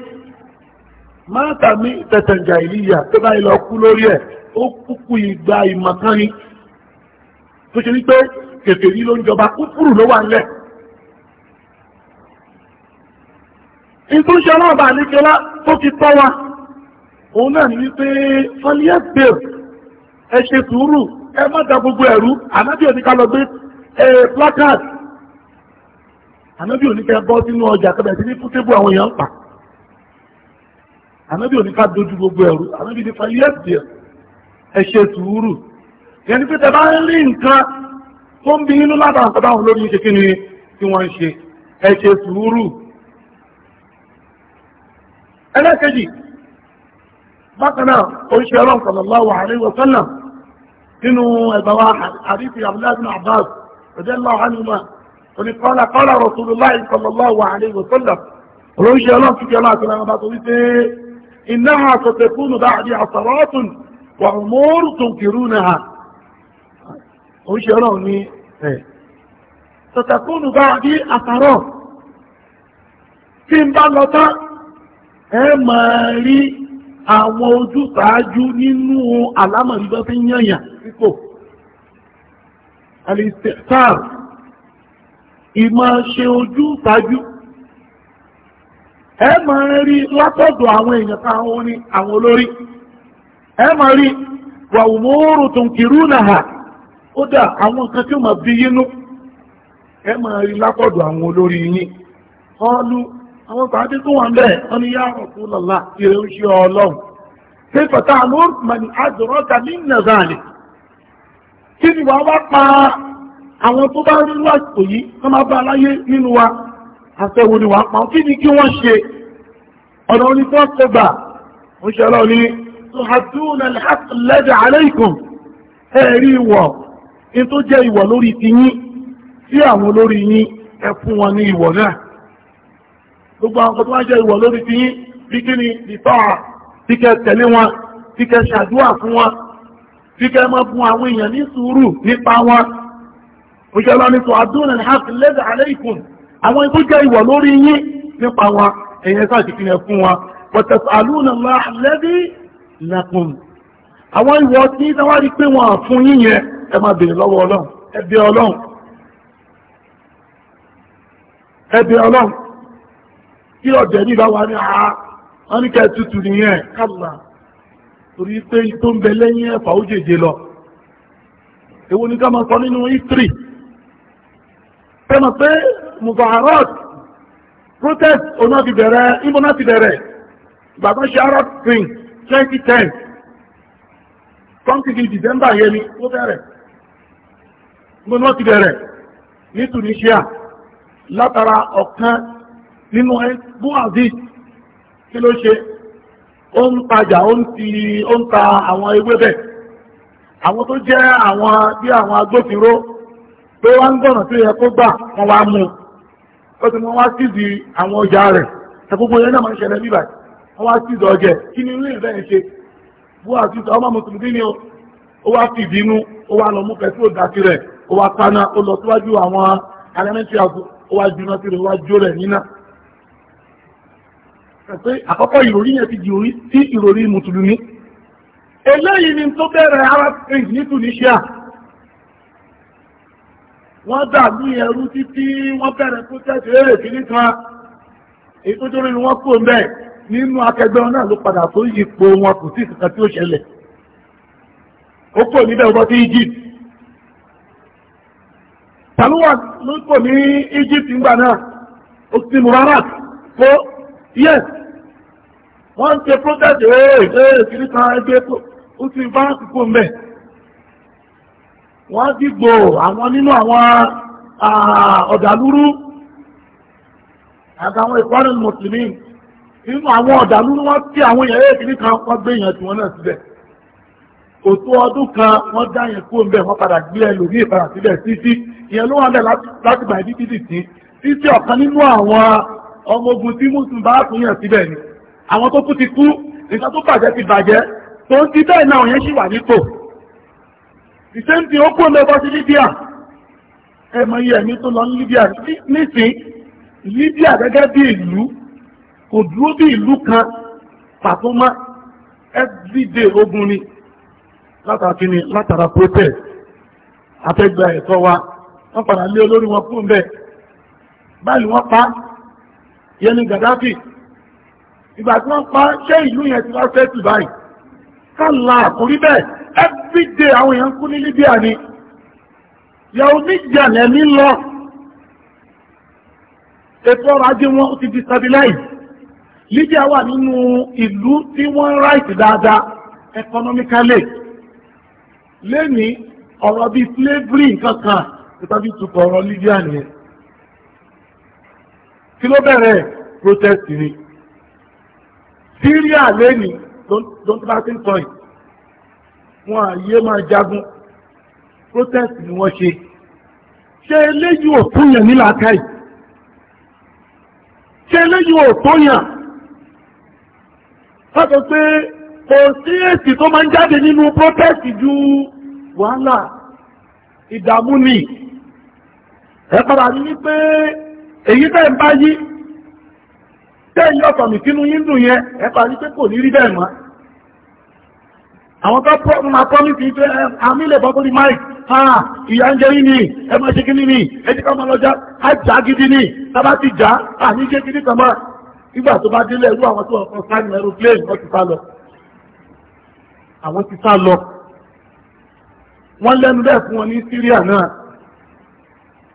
máa tàmí ìtẹ̀tẹ̀ jahiliyya tó bá ilọ̀ kú lórí ẹ̀ ó kúkú ìgbà ìmọ̀kan tó ṣe wípé kèfèrí ló ń jọba kúkúrù ló wà nílẹ̀ ìtúnṣe ọlọ́ọ̀bà àníkẹ́lá tó fi tọ́ wa òun náà ní wípé fọlíẹ́ bèrè ẹ ṣe sùúrù ẹ má da gbogbo ẹ̀rú ànábì òní ká lọ gbé ẹ placard ànábì òní ká bọ́ sínú ọjà kẹbẹ̀ sí ní fútébù àwọn èèyàn pa ànábì òní ká dojú gbogbo ẹ̀rú ànábì ní fọlíẹ́ bèrè ẹ ṣe sùúrù yẹni pé tẹbá ń rí nǹkan tó ń bí inú látà nǹkan táwọn olórí ṣe kí ni tí wọ́n ń ṣe ẹ ṣe sùúrù ẹlẹ́kẹ̀jì bákan náà oríṣi ọlọ́run sallallahu alaihi wa sallam nínú ẹ̀bàwà àdífi Abdullahi bin Abbas radiyallahu anhuma òní qala qala Rasulullahi sallallahu alaihi wa sallam oríṣi ọlọ́run kíkẹ́ ọlọ́run àti ọlọ́run oúnjẹ ọlọ́run ní ẹ̀ tọ̀tẹ̀kùnù bá bí àtàrọ̀ tí ń bá lọ tán ẹ máa rí àwọn ojútàájú nínú àlámọ̀rí bá ń yànyàn pípò alistair ìmọ̀ ṣe ojútàájú ẹ máa rí látọ̀dọ̀ àwọn èèyàn táwọn ní àwọn olórí ẹ máa rí tó ń kódà àwọn nǹkan tí ó máa bí yínú ẹ máa rí lápọ̀dọ̀ àwọn olórí yín ọlú àwọn pàdé tó wà mẹ́ẹ̀ wọn ni yára kú lọ́la ìrẹ́ ń ṣe ọlọ́run ṣé fàtà àlọ́ màní àjọrọ́ ta ní nàzàlẹ̀ kí ni wàá wá pa àwọn tó bá rí lásìkò yìí wọ́n máa bá aláyé nínú wa àtẹ̀wò ni wàá pa kí ni kí wọ́n ṣe ọ̀nà onífọ́sọ̀gbà ń ṣe ọlọ́run ní tó hàdúnà lẹ́dà àlẹ́ ìkùn ẹ̀rí wọ̀ in tó jẹ́ ìwọ̀ lórí ti yín tí àwọn olórí yín ẹ fún wọn ní ìwọ̀ náà gbogbo àwọn kan tó wá jẹ́ ìwọ̀ lórí ti yín bí kí ni ìtọ́ tí kẹ tẹ̀lé wọn tí kẹ ṣàdúrà fún wọn tí kẹ mọ́ fún àwọn èèyàn ní sùúrù nípa wọn òṣèlú ní sọ àdúrà ní hàfi lẹ́dà alaykum àwọn ikú jẹ́ ìwọ̀ lórí yín nípa wọn èèyàn sáà ti fi fún wọn wọ̀tẹ̀sàlúnà lọ́lẹ́dí lakum àwọn ìwọ̀ tí sáwárí pé wọn fún yín yẹn ẹ má bèèrè lọ́wọ́ ọlọ́run ẹ bẹ̀ ọlọ́run ẹ bẹ̀ ọlọ́run kí ọ̀dẹ̀ ní ìbáwá ní àá wọ́n ní kẹ́ tutù nìyẹn kàlà torí pé tó ń bẹ lẹ́yìn ẹ̀fà ó jèjè lọ èwo ni ká máa sọ nínú history ẹ pé mubarak protest oná ti bẹ̀rẹ̀ ibùnà ti bẹ̀rẹ̀ ìgbàgbọ́ ṣe arab spring 2010 kọ́ńtìdì december yẹn ni ó bẹ̀rẹ̀ mo náà ti bẹ̀rẹ̀ ní Tunisia látara ọ̀kan nínú ẹgbùn aziz kí ló ṣe ó ń tajà ó ń ta àwọn ewébẹ̀ àwọn tó jẹ́ àwọn bí àwọn agbófinró tó wá ń gbọ̀nà tó yẹ kó gbà wọn wá mú ó ti mú wá síbi àwọn ọjà rẹ̀ ẹgbogbo yẹn náà máa ń ṣẹlẹ̀ níbà wọ́n wá síbi ọjẹ́ kí ni ilé ìfẹ́ ṣe bú àti ọmọ mùsùlùmí ni ó wá fìdí inú ó wá lọ mú pẹ̀tú òdà tirẹ̀ ó wá kaná ó lọ síwájú àwọn elementary house ó wá jóná sí rẹ̀ ó wá jó rẹ̀ níná pé àkọ́kọ́ ìròrí yẹn ti dìorí sí ìròrí mùsùlùmí eléyìí ni tó bẹ̀rẹ̀ arab spring ní Tunisia wọ́n dà ní ẹrú títí wọ́n bẹ̀rẹ̀ protest eré kìíní kan èyí tó dórí wọn kúrò mẹ́ nínú akẹgbẹ́ wọn náà ló padà tó ipò wọn kò sí ìsìnkà tí ó ṣẹlẹ̀ ó kúrò níbẹ̀ wọ́n sí Egypt tàlúwà ló pò ní Egypt ńgbà náà kó yes wọ́n ń ṣe protest ẹ̀ẹ́ eh, eh, ìkiri kan ẹgbẹ́ ó ti Mubarak kó mẹ́ wọ́n dìgbò àwọn nínú àwọn ọ̀dàlúrú àtàwọn ìkọ́rin mùsùlùmí nínú àwọn ọ̀dàlúrú wọ́n tí àwọn èèyàn eh, kan wọ́n gbé tí wọ́n náà síbẹ̀ ọdún kan wọ́n wọ́n padà gbé ìpadà síbẹ̀ títí ìyẹn ló wà bẹ̀ láti gbà ìdíbí dì sí títí ọ̀kan nínú àwọn ọmọ ogun tí mùsùlùmí bá tún yàn síbẹ̀ ni àwọn tó kú ti kú nǹkan tó bàjẹ́ ti bàjẹ́ tó ń ti bẹ́ẹ̀ náà yẹn sì wà nípò ìsẹ́ntì ó kúrò lọ́bọ́ sí Libya ẹ mọ iye ẹ̀mí tó lọ ní Libya nísìn Libya gẹ́gẹ́ bí ìlú kò dúró bí ìlú kan pàtó mọ́ everyday ogun ni látara protest afẹ́gbà ẹ̀tọ́ wa wọ́n padà lé olórí wọn fún bẹ́ẹ̀ báyìí wọ́n pa yẹni Gaddafi ìgbà tí wọ́n pa ṣé ìlú yẹn ti wá fẹ́ tù báyìí kálá àkórí bẹ́ẹ̀ everyday àwọn èèyàn kú ní Libya ni yàwó níjà lẹ́mí lọ ètò ọrọ̀ ajé wọn ti destabilize Libya wà nínú ìlú tí wọ́n ráìtì dáadáa economically lẹ́ni ọ̀rọ̀ bíi slavery nǹkan kan tàbí tukọ̀ ọ̀rọ̀ Libya ni, kí ló bẹ̀rẹ̀ protest ni Syria lẹ́ni don't back in point wọn àyè máa jagun protest ni wọ́n ṣe ṣe eléyìí ò tó yàn ní làákàyè ṣe eléyìí ò tó yàn sọ́tọ̀ pé kò sí èsì tó máa ń jáde nínú protest ju wàhálà ìdààmú nìyí ẹ padà ní wípé èyí tẹ́ ń bá yí tẹ́ ń yọ̀tọ̀ mí kínú yín dùn yẹn ẹ padà ní pé kò ní rí bẹ́ẹ̀ mọ́ àwọn tó máa promise pé àmì bọ́bọ́lì máì ah ìyá ń jẹ yín ni ẹ máa ṣe kí ni ẹ ti ká máa lọ já á já gidi ni tábà ti já àní ṣe kí ni kan máa nígbà tó bá délé irú àwọn tó ọkọ̀ sáà ní aeroplane wọ́n ti sá lọ àwọn ti sá lọ wọ́n lẹ́nu bẹ́ẹ̀ fún wọn ní Syria náà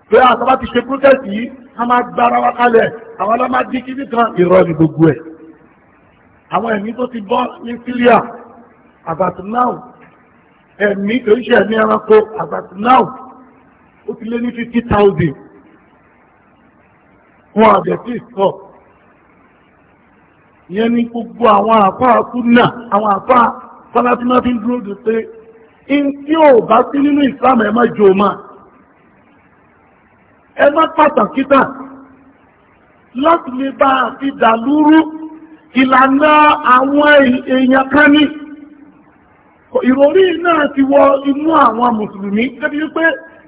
pé àtàbá ti ṣe protest yìí a máa gbára wa kalẹ̀ àwọn aláma dí kí nìkan irọ́ ni gbogbo ẹ̀ àwọn ẹ̀mí tó ti bọ́ ní Syria àbàtì náà ẹ̀mí tó ń ṣe ẹ̀mí ẹranko àbàtì náà ó ti lé ní fifty thousand wọn àbẹ̀ sí ìsọ̀ ìyẹn ní gbogbo àwọn àfáà kúnnà àwọn àfáà fọlásímọ́ dúró de pé in tí ò bá sí nínú ìsìlámù ẹ̀ má jò máa ẹ má pàtàkì náà láti lè bá a fi dàlúrú ìlànà àwọn èèyàn kan ní ìròrí náà ti wọ inú àwọn mùsùlùmí débi wípé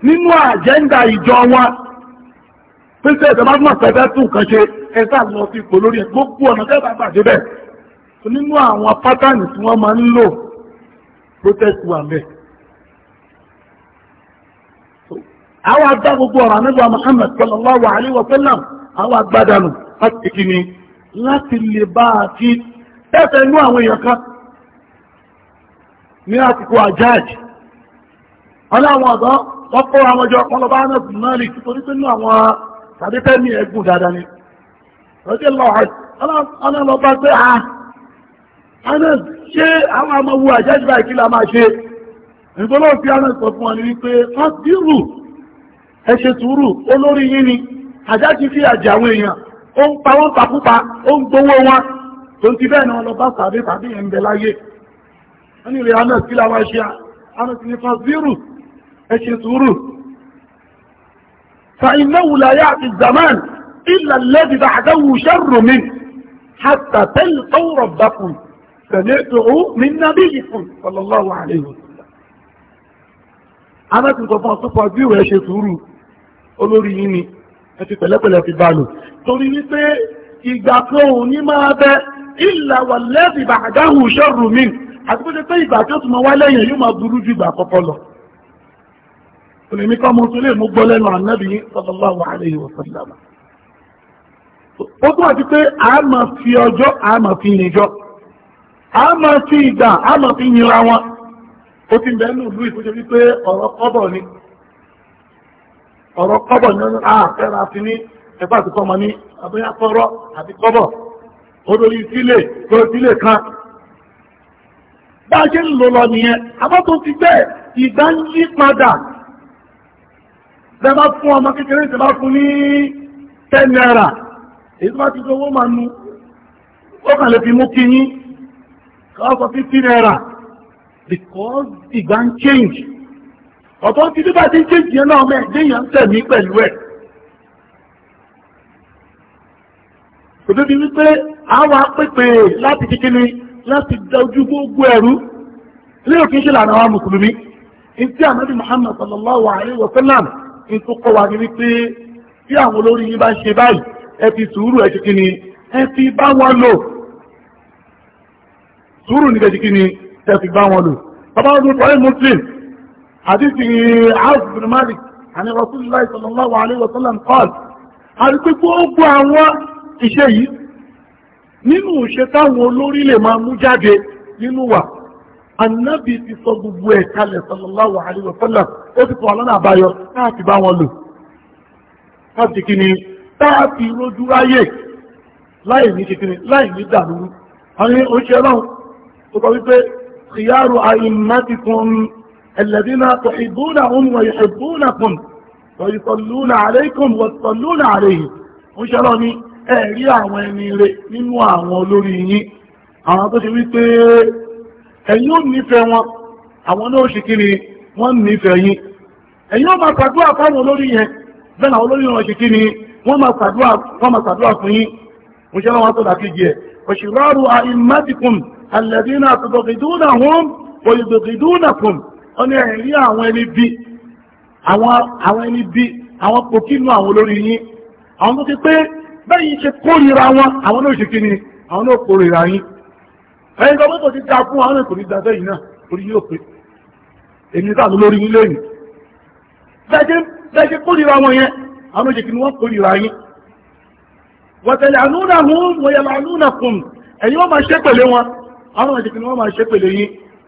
nínú àjẹ́ndà ìjọ wọn pínṣẹ́ ìjọba náà pẹ̀fẹ́ tún kan ṣe ẹ̀sà lọ sí ipò lórí ẹ̀ ọ̀nà tẹ́ bá gbàdé nínú àwọn pátánì tí wọ́n máa ń lò protest wà bẹ́ẹ̀ àwọn agbá gbogbo ọ̀rọ̀ anábọ̀ Muhammad sallallahu alaihi wa sallam àwọn agbádànù láti kí ni láti lè bá a fi tẹ́tẹ̀ inú àwọn èèyàn kan ní àtìkò àjáàjì aláwọn ọ̀dọ́ wọ́n kó àwọn ọjọ́ ọlọ́bá Anas Malik torí pé inú àwọn tàbí tẹ́mi ẹ̀gùn dáadáa ni rọ́jẹ́ lọ́ọ̀hẹ́ ọlọ́lọ́bá ẹ ṣe sùúrù olórí yín ni àjá ti fi àjà àwọn èèyàn ó ń pa wọ́n takúpa ó ń gbowó wọn tó ń ti bẹ́ẹ̀ náà lọ bá sàbí tàbí ẹ̀ ń bẹ láyé wọ́n ní ìrìn àná sí làwọn ṣe àná sí ní fasbírù ẹ ṣe sùúrù fa innahu la ya'ti zaman illa alladhi ba'dahu sharrun min hatta talqaw rabbakum sami'tuhu fún olórí yín ni ẹ fi pẹ̀lẹ́pẹ̀lẹ́ fi bá lò torí wípé ìgbà kan ò ní máa bẹ ìlà wà lẹ́bì bàdáhù ṣọ́rù mi àti pé pé ìgbà tó tún máa wá lẹ́yìn yóò máa burú ju ìgbà àkọ́kọ́ lọ olèmí kọ́ mo tún lè mú gbọ́ lẹ́nu ànábì sallallahu alaihi wa sallam ó tún àti pé a máa fi ọjọ́ a máa fi yìnjọ́ a máa fi ìgbà a máa fi yìnra wọn ó ti bẹ́ẹ̀ nù lú ìfúnṣe wípé ọ̀rọ̀ kọ́bọ̀ ni ọ̀rọ̀ kọ́bọ̀ ní ọdún ah, àfẹ́ra ti ní ẹ̀fà àti kọ́mọ ní abẹ́yà tọrọ àti kọ́bọ̀ odori sílé tó sílé kan bá a ṣe ń lò lọ nìyẹn abọ́tò ti bẹ́ẹ̀ ìgbà ń yí padà bẹ́ẹ̀ fún ọmọ kékeré ìṣẹ̀bá fún ní ten naira èyí tó bá ti fi owó máa nu ó kàn lè fi mú kí yín káwọ́ sọ fifty naira because ìgbà ń change ọ̀tọ̀ ti bí bá ti ń kéjì yẹn náà mẹ́rin déèyàn ń tẹ̀mí pẹ̀lú ẹ̀ kò débi wípé àwọn apẹ́pẹ́ láti kíkíní láti dojú gbogbo ẹ̀rú ilé òkè ṣe lànà àwọn mùsùlùmí in tí ànábì Muhammad sallallahu alayhi wa sallam in tó kọ́ wa ní wípé bí àwọn olórí yín bá ń ṣe báyìí ẹ fi sùúrù ẹ kíkíní ẹ fi bá wọn lò sùúrù ní kíkíní ẹ fi bá wọn lò bàbá wọn lò pọ̀ ẹ́ muslim حديث عوف بن مالك عن رسول الله صلى الله عليه وسلم قال هل تكون àwọn iṣẹ́ yìí nínú iṣẹ́ táwọn olórí lè máa mú jáde nínú wa annabi ti sọ gbogbo ẹ̀ kalẹ̀ wa sallam ó ti fọwọ́ wọn láì ní kékeré láì ní àwọn oṣù ẹlọ́run tó kọ wípé الذين تحبونهم ويحبونكم ويصلون عليكم وتصلون عليه ó ṣẹlọ́ ní ẹ̀rí àwọn ẹni rẹ̀ nínú àwọn olórí yín àwọn tó ṣe wípé ẹ̀yin ó nífẹ̀ẹ́ wọn àwọn náà ṣe kí ni wọ́n nífẹ̀ẹ́ yín ẹ̀yin ó máa pàdúrà fáwọn olórí yẹn bẹ́ẹ̀ àwọn olórí wọn ṣe kí ni wọ́n máa pàdúrà fún yín ó ṣẹlọ́ wọn tó dàkejì ẹ̀ òṣìlọ́rù àìmátìkùn alẹ́dínà àtọ̀dọ̀gidúnà wọn òyìnbògidúnà kùn ó ní ẹ̀rí àwọn ẹni bí àwọn ẹni bí àwọn pòkínú àwọn olórí yín àwọn tó ti pé bẹ́yìn ṣe kórìíra wọn àwọn náà kí ni àwọn náà kórìíra yín ẹ̀yìn tó mọ́tò ti da fún àwọn èkó ní dáadáa yìí náà orí yóò pé èmi sáà lórí yín lẹ́yìn bẹ́ẹ̀ ṣe kórìíra wọn yẹn àwọn náà ṣe kí ni wọ́n kórìíra yín wọ̀tẹ̀lẹ̀ ànúnà hún wọ̀yẹ̀lẹ̀ ànúnà kùn ẹ̀yìn wọ́n máa ṣépèlé wọn àwọn náà kí ni wọ́n máa ṣépèlé yín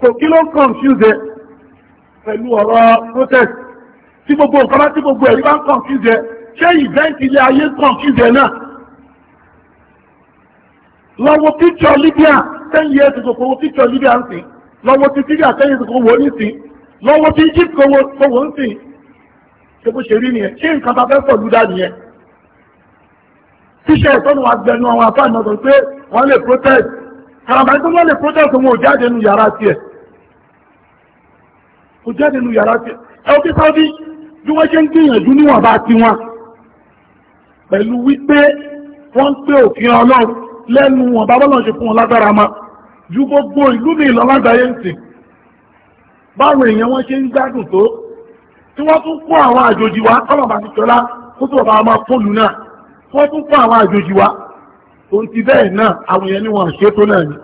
kò kí ló ń confuse ẹ pẹ̀lú ọ̀rọ̀ protest tí gbogbo nǹkan bá tí gbogbo ẹ̀rí bá ń confuse ẹ ṣé event ilé ayé confuse ẹ náà lọ́wọ́ picture Libya ten years ago kò wọ picture Libya ń sìn lọ́wọ́ ti Syria ten years ago wò ó ní sìn lọ́wọ́ ti Egypt kò wò ń sìn ṣe bó ṣe rí nìyẹn ṣé nǹkan bá fẹ́ pọ̀lú dá nìyẹn tíṣẹ́ ìtọ́nù protest àràbà tó wọ́n lè project wọn ò jáde nù yàrá tiẹ̀ ò jáde nù yàrá tiẹ̀ ẹ̀wọ́n tí sáwọ́dí bí wọ́n ṣe ń gbìyànjú níwọ̀n bá ti wọn pẹ̀lú wípé wọ́n ń pé òfin ọlọ́run lẹ́nu wọn bá bọ́lọ̀ ṣe fún wọn lágbára ma ju gbogbo ìlú mi lọ lágbàáyé ń sìn báwọn èèyàn wọn ṣe ń gbádùn tó tí wọ́n tún kó àwọn àjòjì tó ti bẹ́ẹ̀ náà àwọn èèyàn ní ṣe tó náà ni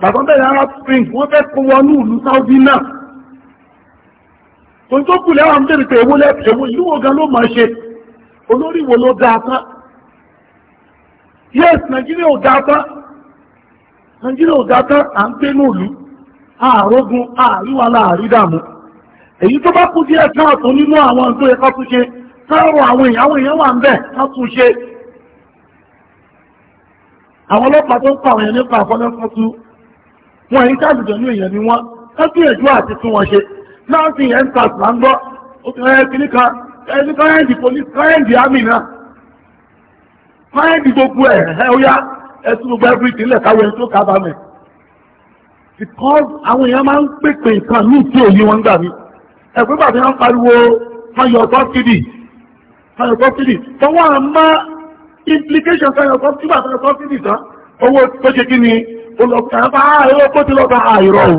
bàbá bẹ́ẹ̀ arab spring wọ́n fẹ́ kó wọnú ìlú Saudi náà tó ń tó kù lẹ́wọ̀n bèrè pé èwo gan ló máa ṣe olórí ló yes ò ò à ń àríwá láàrí dààmú èyí tó bá kú díẹ̀ káàtó nínú àwọn àwọn ọlọ́pàá tó ń pa àwọn èèyàn nípa àfọ́nẹ́fọ́tú wọn èyí sáàjùjọ ní èèyàn ni wọ́n wọ́n gbìyànjú àti tún wọn ṣe náà sì yẹn ń ta àtìlá ń gbọ́ ó ti rẹ̀ kìíní kan ẹni kọ́rẹ́ǹdì police kọ́rẹ́ǹdì army náà kọ́rẹ́ǹdì gbogbo ẹ̀ ẹ̀ ó yá ẹtún gbogbo everything lẹ̀ káwé tó kábàámẹ̀ because àwọn èèyàn máa ń pèpè nǹkan ní ìtí òní wọn gbà mí ẹ̀gbẹ́ bàbá wọn pariwo fayọ̀ tọ́sídì fayọ̀ tọ́sídì fọwọ́ àmọ́ implication kan yọ̀kan tí wà fẹ́ kọ́fí nìkan owó tó ṣe kí ni olùkọ́ bá ẹ̀rọ ah, kó ti lọ́ba ah, àìrọ̀ o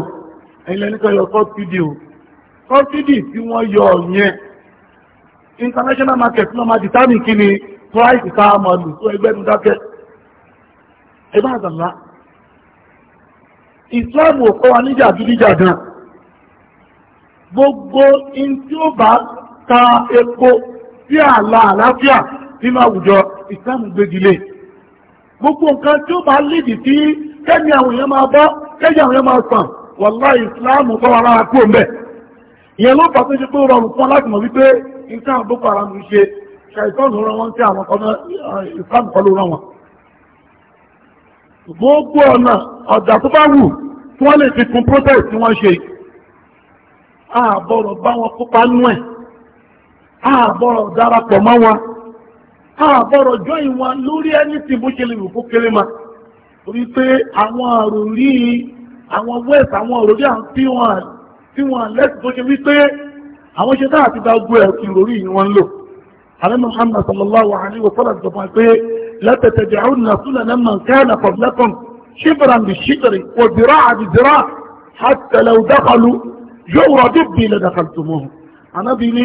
ẹ̀yìn lẹ́nu kan yọ kọ́fídì o kọ́fídì tí wọ́n yọ yẹn international market náà máa determine kí ni price tá a mọ̀ lù tó ẹgbẹ́ nu dákẹ́ ẹ bá àgbàlá Islam ò kọ́ wa níjà dídíjà gan gbogbo in tí ó bá ta epo sí àlà àlàáfíà nínú àwùjọ ìsìlámù gbégilé gbogbo nǹkan tí ó máa lédì sí kẹ́ni àwọn èèyàn máa bọ́ kẹ́ni àwọn èèyàn máa sàn wàlá ìsìlámù bọ́ ara kú ọ̀mẹ́ ìyẹn ló fà tó ṣe pé ó rọrùn fún láti mọ̀ wípé nǹkan àbúkọ ara mi ṣe ṣàìtọ́nù rán wọn tí àwọn ọmọ ìsìlámù kọ́ ló rán wọn gbogbo ọ̀nà ọ̀dà tó bá wù tí wọ́n lè fi kún protest tí wọ́n ṣe ààbọ̀rọ̀ bá wọn kópa nú ẹ̀ ààbọ̀rọ̀ darapọ̀ mọ́ wọn àbọ̀rọ̀ jọ ìwọ̀n lórí ẹni tí bó ṣe lè rò fún kéré ma torí pé àwọn àròrí àwọn west àwọn àròrí àwọn tí wọ́n tí wọ́n lẹ́sìn tó ṣe wípé àwọn ṣe náà ti dágbó ẹ̀ kí ìròrí yìí wọ́n ń lò ààrẹ Muhammad sallallahu alaihi wa sallam sọ fún pé lẹ́tẹ̀tẹ̀ jẹ́ àwọn nàṣúlẹ̀ náà mọ̀ nǹkan ẹ̀nà fọ̀lẹ́kùn ṣíbìràn ṣíbìrì kò dìrá àbí dìrá àtẹlẹ òdákọlù yóò rọ̀dí bí ilẹ̀ dàkàtùmọ̀ ànábì ni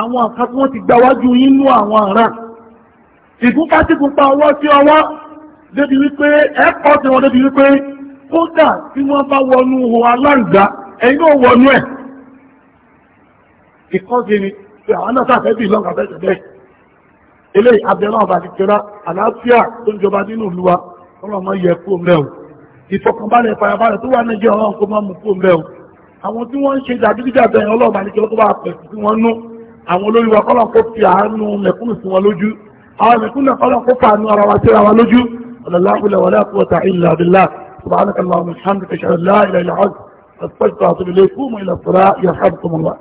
àwọn àkà tí wọ́n ti gbáwájú inú àwọn àrà ìgúnpá tí gúnpá ọwọ́ sí ọwọ́ débi wípé ẹ̀kọ́ tí wọ́n débi wípé kódà tí wọ́n bá wọnú ohun aláǹgbá ẹ̀yìn náà wọnú ẹ̀ ìkọ́sí ni pé àwọn náà sáfẹ́ bí lọ́nkà fẹ́ tẹ̀lé ilé abẹ́rẹ́ ọba ti kẹra àlàáfíà tó ń jọba nínú ìlú wa ọlọ́run mọ́ yẹ kó mẹ́ o ìfọkànbalẹ̀ ìfàyàbalẹ̀ tó wà nàìjíríà ọlọ́run kó má mú kó mẹ́ o àwọn tí wọ́n ń ṣe dàbídíjà bẹ́ẹ̀ ọlọ́run àti kẹlẹ́ tó bá pẹ̀sì tí wọ́n nú àwọn olórí wa kọ́lọ̀ kó fi àánú mẹ̀kúnnù sí wọn lójú àwọn mẹ̀kúnnù kọ́lọ̀ kó fàánú ara wa síra wa lójú ọ̀làláhùlẹ̀